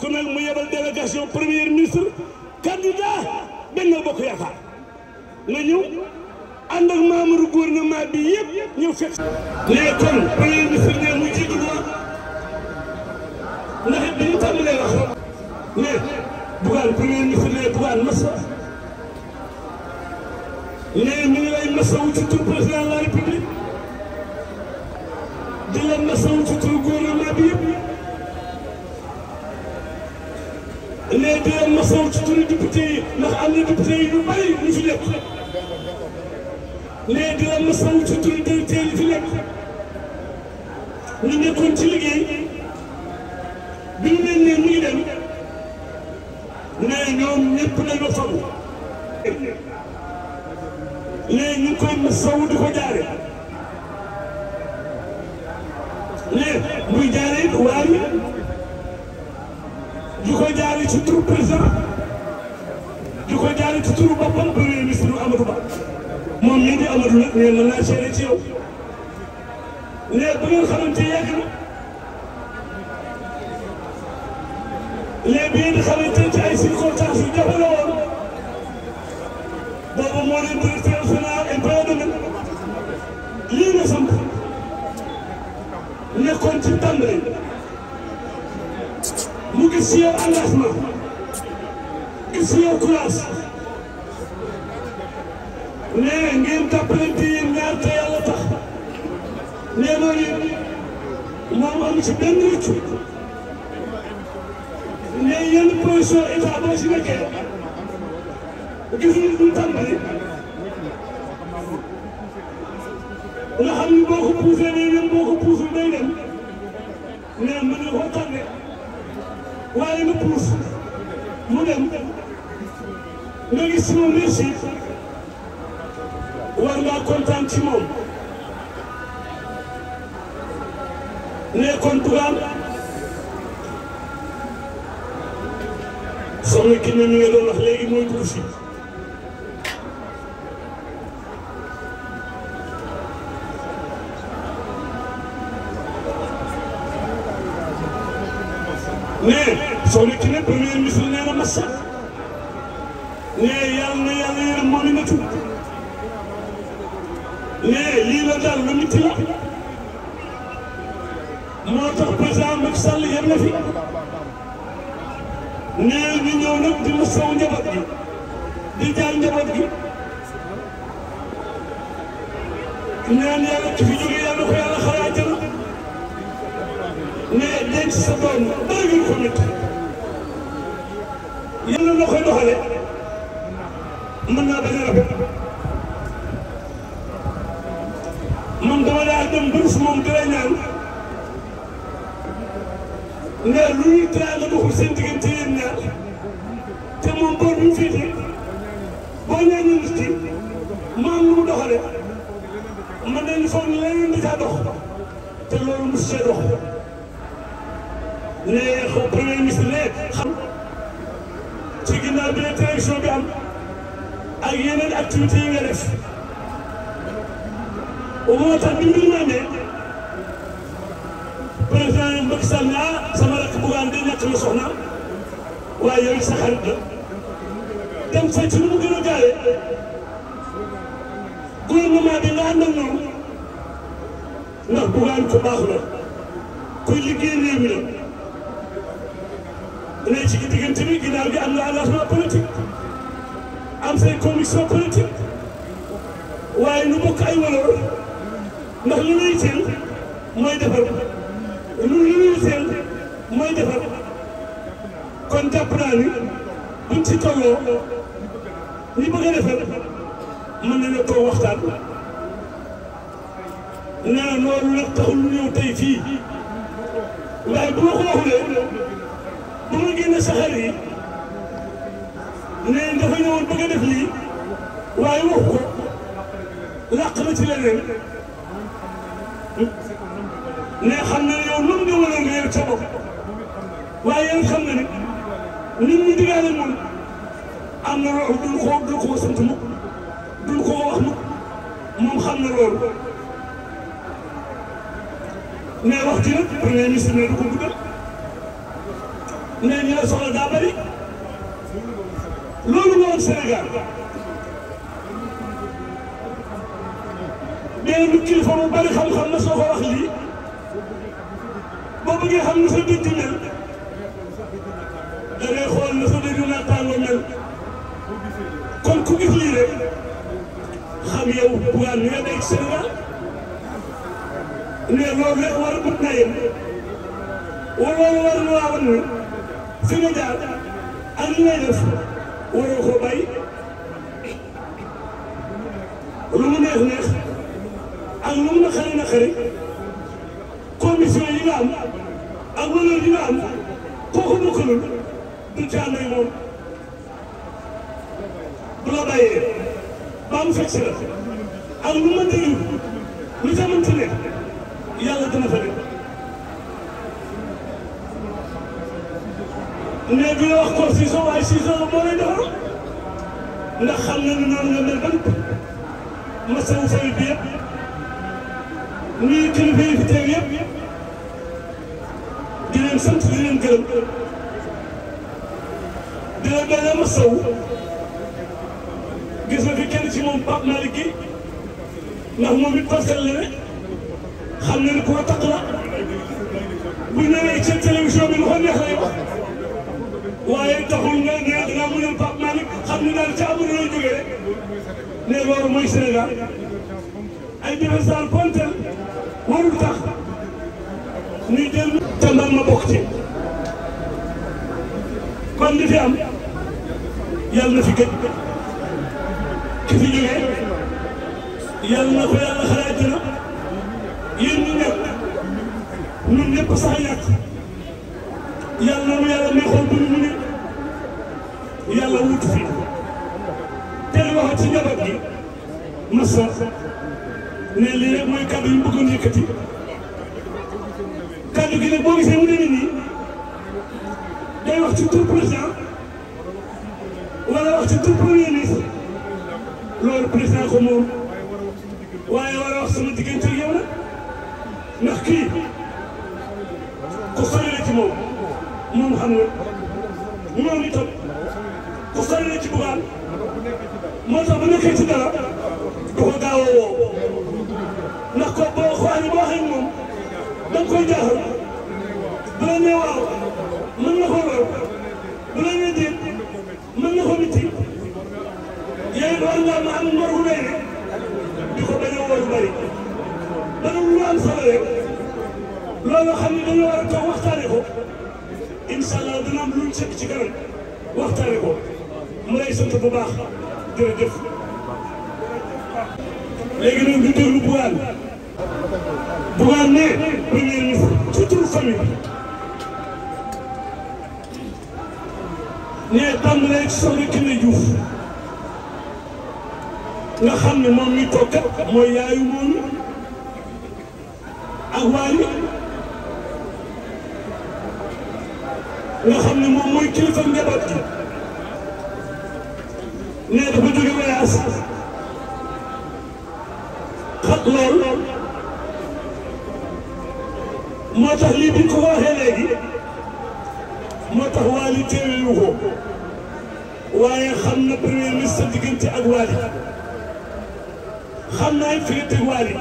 bokk mu yebal délégation premier ministre candidat Benno Bokk Yaakaar nga ñëw ànd ak membre gouvernement bi yëpp ñëw fekk. mais kon premier ministre ne mu jiitu ko ndax bi ñu tàmbalee wax mais Bougane premier ministre ne Bougane masa mais mi ngi lay masawu ci tur président de la république. waaye di leen masaw ci turu député yi ndax lu bëri lu fi di leen masaw ci turu lu fi nekk ñu nekkoon ci liggéey bi ñu ne muy dem mais ñoom ñëpp dañoo faru mais ñu koy masaw di ko jaare mais muy jaare waa di ko jaaree ci turu président di ko jaaree ci turu boppam premier ministre Amadou Ba moom mii di Amadou nag nee na laa ci yow mais bu ngeen xamante yàgg na mais bi ngeen xamante ci ay circonstances yu mu gis ci yow engagement gis ci yow courage ngeen jàppalante yéen ñaar te yàlla tax nee loolu it moom am ci benn rëccu ne yenn position état boo gis nga lu tàmbali ni boo ko poussé day dem boo ko poussé day dem nee mën nga ko tànne waaye nu puus mu dem nga gis sunu réussite war ngaa kontaan moom ne kon Bougane soxna Kiné mi nga doon wax nee Soolikine ne premier ministre nee na Massa nee yàlla na yàlla yërëm moom itam tuuti nee lii la daal lu métti moo tax président Macky Sall yem na fi nee ñu ñëw nag di masawu njaboot gi di jaal njaboot gi neen yàlla ci fi jógee yàlla ko yàlla xalaat. denc sa doom dara ngeen ko métti yàlla noo koy doxale mën naa bañ a man dama daa dem ba gis moom dara ñaan ne lu ñuy tëraat la doxul seen diggante yéen ñaar te moom boor bi mu féete boo ñaanee nit ki maam lu mu doxale man dañu foog ne leneen da caa dox te loolu mos see dox. ne premier ministre ne xam ci ginnaaw bi télévision bi am ak yeneen activités yi nga def moo tax bi mbir ma ne président Macky Sall naa ah, sama rakk Bougane di na waaye yow sa xarit la dem mu gën a gaawee gouvernement bi nga ànd ak ñoom ndax Bougane ko baax la kuy liggéey réew mi la dañuy ci diggante bi ginnaaw gi am nga engagement politique am say conviction politique waaye nu bokk ay valeur ndax lu ñuy teel mooy defar lu ñuy teel mooy defar kon jàpp naa ni buñ ci tolloo ñi bëgg a defar mën nañu koo waxtaan nee na loolu nag taxul ñëw tey fii waaye bu ma ko waxulee. ba muy génne saxaar yi ne dafa ñëwoon bëgg a def lii waaye wax ko làq na ci ne xam na ne yow lu mu déwénoo nga yor ca waaye yéen xam na ne nit ñi digaale moom am na loolu duñ ko duñ ko sant mukk duñ ko wax mukk moom xam na loolu mais wax ci nag premier ministre ne du ko dugal. nee ñu la daa bëri loolu moo Sénégal nee lu kilifa bu bëri xam-xam na soo ko wax lii boo bëggee xam na sa dëkk mel da xool na sa dëkk naa tàngoo mel kon ku gis lii xam yow Bougane ni nga Sénégal nee loolu war a bëgg na yem wala loolu war na waa wan Sénégal am lu ngay def waroo ko bay lu mu neex neex ak lu mu naqari naqari condition yi nga am ak valeur yi nga am kooku bokkalul du caa moom du la bàyyee ba mu fekk si ak lu ma déglu lu ca mënti yàlla dana fa nekk ne du la wax ko Cissokho waaye Cissokho moo lay defar ndax xam na ne noonu nga mel ba lépp masawu fay bi yëpp nuyu kilifa yi fi teew yëpp di leen sant di leen gërëm di leen benn masawu gis nga fi kenn ci moom Pape Malick gi ndax moom it parcelle la ne xam na ne ku ko taq la bu ñëwee ci télévision bi lu ko neex lay wax. waaye taxul nga ne dangaa mën a Pape Malick xam ne daal ca amul rek ne loolu mooy Sénégal ay défenseur pontel warul tax ñuy jël te ma bokk ci kon li fi am yàlla na fi gëj ki fi jógee yàlla na ko yàlla xalaat dina yéen nekk ñun ñëpp sax ñàkk yàlla na mu yàlla neexoon bu ñu mu nekk yàlla wutu fi te li ci njaboot gi massa ne lii rek mooy kàddu yi mu bëggoon yëkkati kàddu gi nag boo gisee mu demee nii day wax ci tur président wala wax ci tur premier ko moom waaye war a wax sama diggante ak yow ndax kii ku sori ci moom moom xam nga moom itam sori la ci bugaan moo tax bu nekkee i dara du ko gaaw a woo ndax ko boo xoolee boo waxee moom da koy jaaxal bu la nee waaw mën na ko lor bu la nee déet mën na ko miti yéen war ngaa ma am ngor gu doy ne di ko bañ a woo lu lu am xam ne dañoo war a toog waxtaane ko incha lu ñu sekk ci kanam waxtaane bu baax jërëjëf. léegi nag ñu déglu Bougane. Bougane ne premier ministre ci turu famille ne tàmbalee ci soxna Kine Diouf. nga xam ne moom mi toog mooy yaayu moom ak waali nga xam ne moom mooy kilifa njaboot gi nee dafa jóge voyage xat lool moo tax lii biñ ko waxee léegi moo tax waali teewewu ko waaye xam na premier ministre diggante ak waali xam naa fi nga teg waali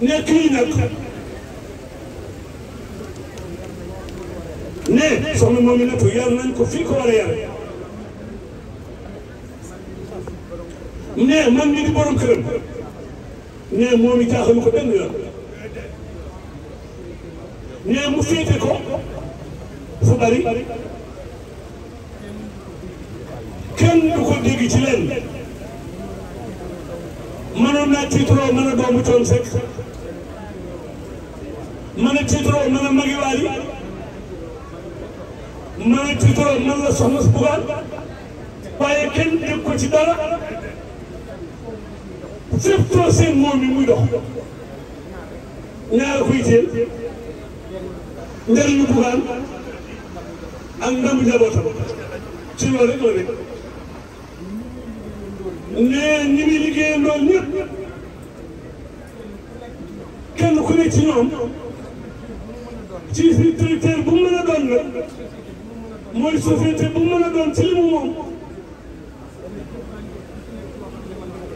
nekk yi nag ne soxna moom i nattu yar nañ ko fii ko war yar ne moom ñu di borom këram moom i jaaxalu ko benn yoon ne mu féete ko fu bari kenn du ko dégg ci leen mënoon naa tiitroo a doomu coon sekk mën a tiitroo magi waali mën a tiitroo mën la soxna si bugaan waaye kenn dégg ko ci dara fépp trop seen moom mi muy dox ñaar kuy teel njëriñu bugaan ak ndamu njabootam ci loolu rek la nekk mais ñi muy liggéeyandoo ñëpp kenn ku nekk ci ñoom ci directeur bu mu doon la mooy société bu mu mën a doon ci li mu moom.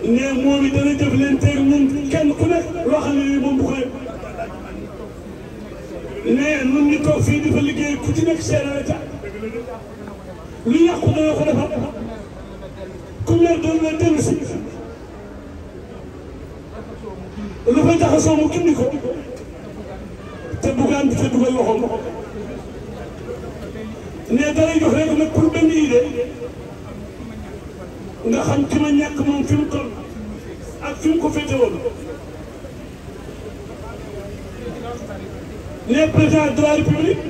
ne moom it dana jëf leen teeg ñun kenn ku nekk loo xam ne nii moom bu ko yëg ne ñun ñu toog fii di fa liggéey ku ci nekk seere la lu yàqu dana ko defar ku mer mu indi ko ne dalay jox rek nag pour benn idée nga xam ki ma ñàkk moom fi mu ak fi ko féete woon ne président de la république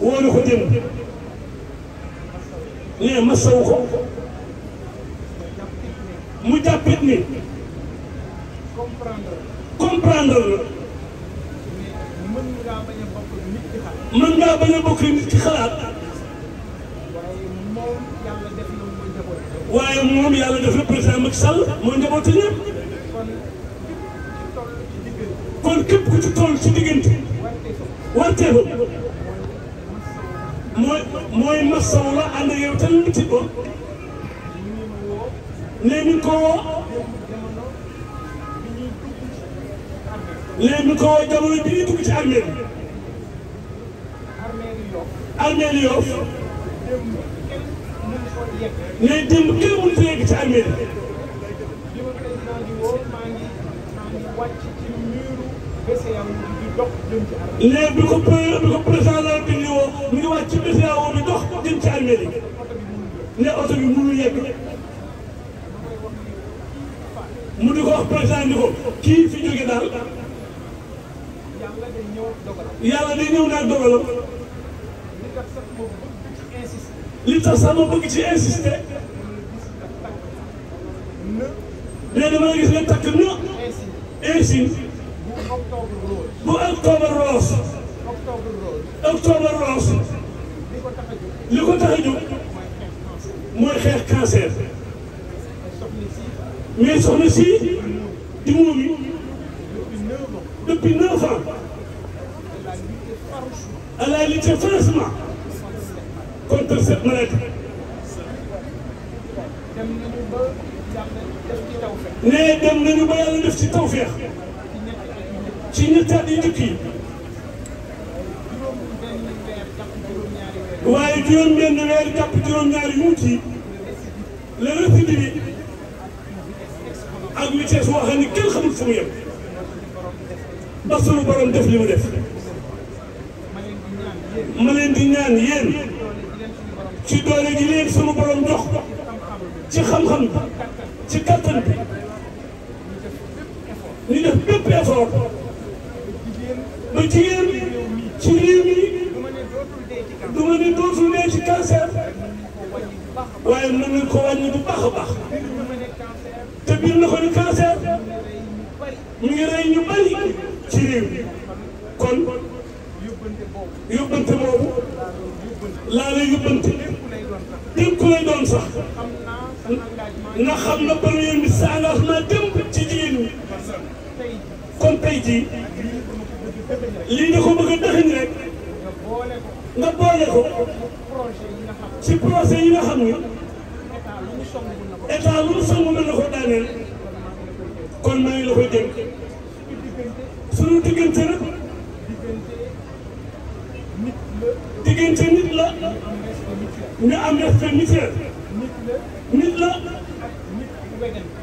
woo ko démb ne masawu ko mu jàppit ni comprendre la ngaa bañ bokk nit ci xalaat waaye moom yàlla def na président Macky Sall moo njabootu ñëpp kon képp ku ci tool ci diggante warteefam mooy mooy masawu la ànd ak yow te lu ci doon nee nañ ko woo nee nañ ci armée bi armée mais démb kenn mënut a yegg ci armée bi ko bi ko président la bi ni woo mi ngi wàcc ci BCEAO bi dox jëm ci armée yi ne oto bi mënul yegg mu di ko wax président ni ko kii fi jóge daal yàlla day ñëw naag dogalam li tax sax ma bëgg ci insister mais damaa gis ne takk na insigne bu octobre rose octobre rose li ko tax mooy xeex cancer mais soxna si di moom yi depuis neuf ans à contre cette maladie. nee dem nañu ba yàlla def ci tawféex. ci ñetti at yu njëkk yi. waaye juróom-benn weer jàpp juróom-ñaari yu mucc yi. la récidive bi ak vitesse boo xam ne kenn xamul fu mu yem. ba sunu borom def li mu def. ma di ñaan yéen. xam-xam ci kattan bi ñu def bépp effort ba ci réew mi du ma ne dootul dee baax baax te biir na ko ni mu ngi rey ñu bari ci réew kon yóbbante boobu laa lay yóbbante dénk ku lay doon sax. nga xam na premier ministre engagement démb ci jigéen ñi kon tey jii nga ko bëgg a dëxëñ rek nga boole ko ci projet yi nga xam ni état lu mu song mën na ko daaneel kon maa ngi la koy dénk suñu diggante diggante nit la ñu am respect mutuel nit la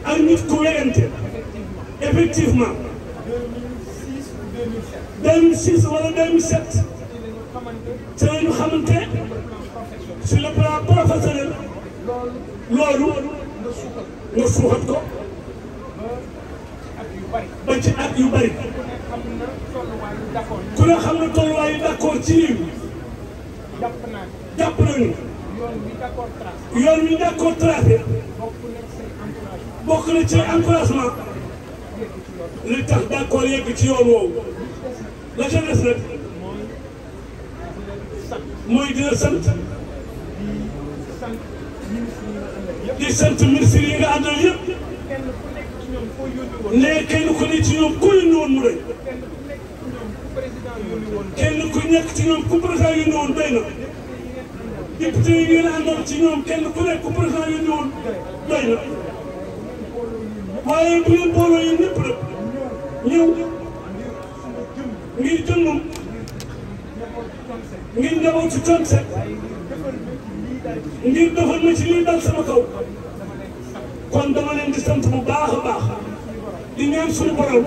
ak nit ku effectivement 2006 wala 2007 ci la ñu xamante sur le nga suuxat ko ba ci at yu bari ku ne xam na tolluwaayu d'accord ci réew jàpp nañu yoon wi d'accord tracé bokk na ci encouragement li tax d'accord yegg ci yoon woowu la ca des nag mooy dina sant di sant ministre yi nga àndal yëpp ne kenn ku ne ci ñoom mu doy kenn ku nekk ci ñoom ku président na député yi ngeen àndoon ci ñoom kenn ku nekk ku président yooyu ñëwoon doy na waaye bu ngeen booloo yéen ñëpp nag ñëw ngir jëmmam ngir njaboot ci Thione Seck ngir defal ma ci lii dal sama kaw kon dama leen di sant bu baax a baax di ñaan suñu borom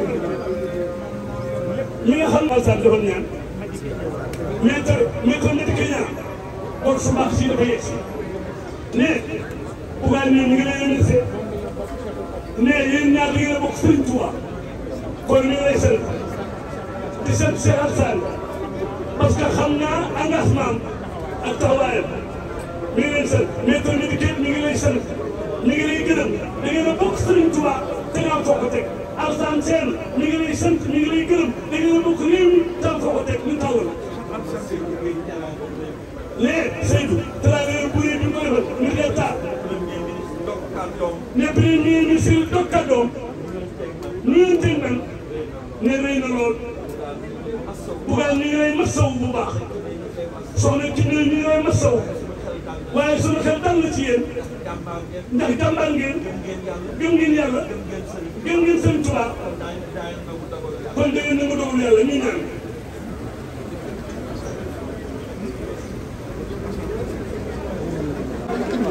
mi nga xam ne Alsaan defal ñaan mais tey mais kon nit ki ñaan. kon su baax si dafa yegsi ne Bougane ne ñu ngi lay remercier ne yéen ñaar da ngeen a bokk Serigne Touba kon ñu lay sant di sant Cheikh Alassane parce que xam naa engagement ak taxawaayam mi ngi leen sant mais tamit di kenn mi ngi lay sant mi ngi lay gërëm da ngeen a bokk Serigne Touba te nga am foo ko teg Alassane Sène mi ngi lay sant mi ngi lay gërëm da ngeen a bokk réew mi te am foo ko teg ñu tawal. léegi Seydou travailleur bu rëy bi mu ko defal ngir def taal ne premier ministre dog kàddoom ñun teg nañ ne rëy na lool bugaal ñu ngi lay masaw bu baax soxna Kine ñu ngi lay masaw waaye sunu xel dal na ci yéen ndax jàmbaar ngeen gëm ngeen yàlla gëm ngeen seen tubaab kon dégg nga nangu dogal yàlla ñu ñaan.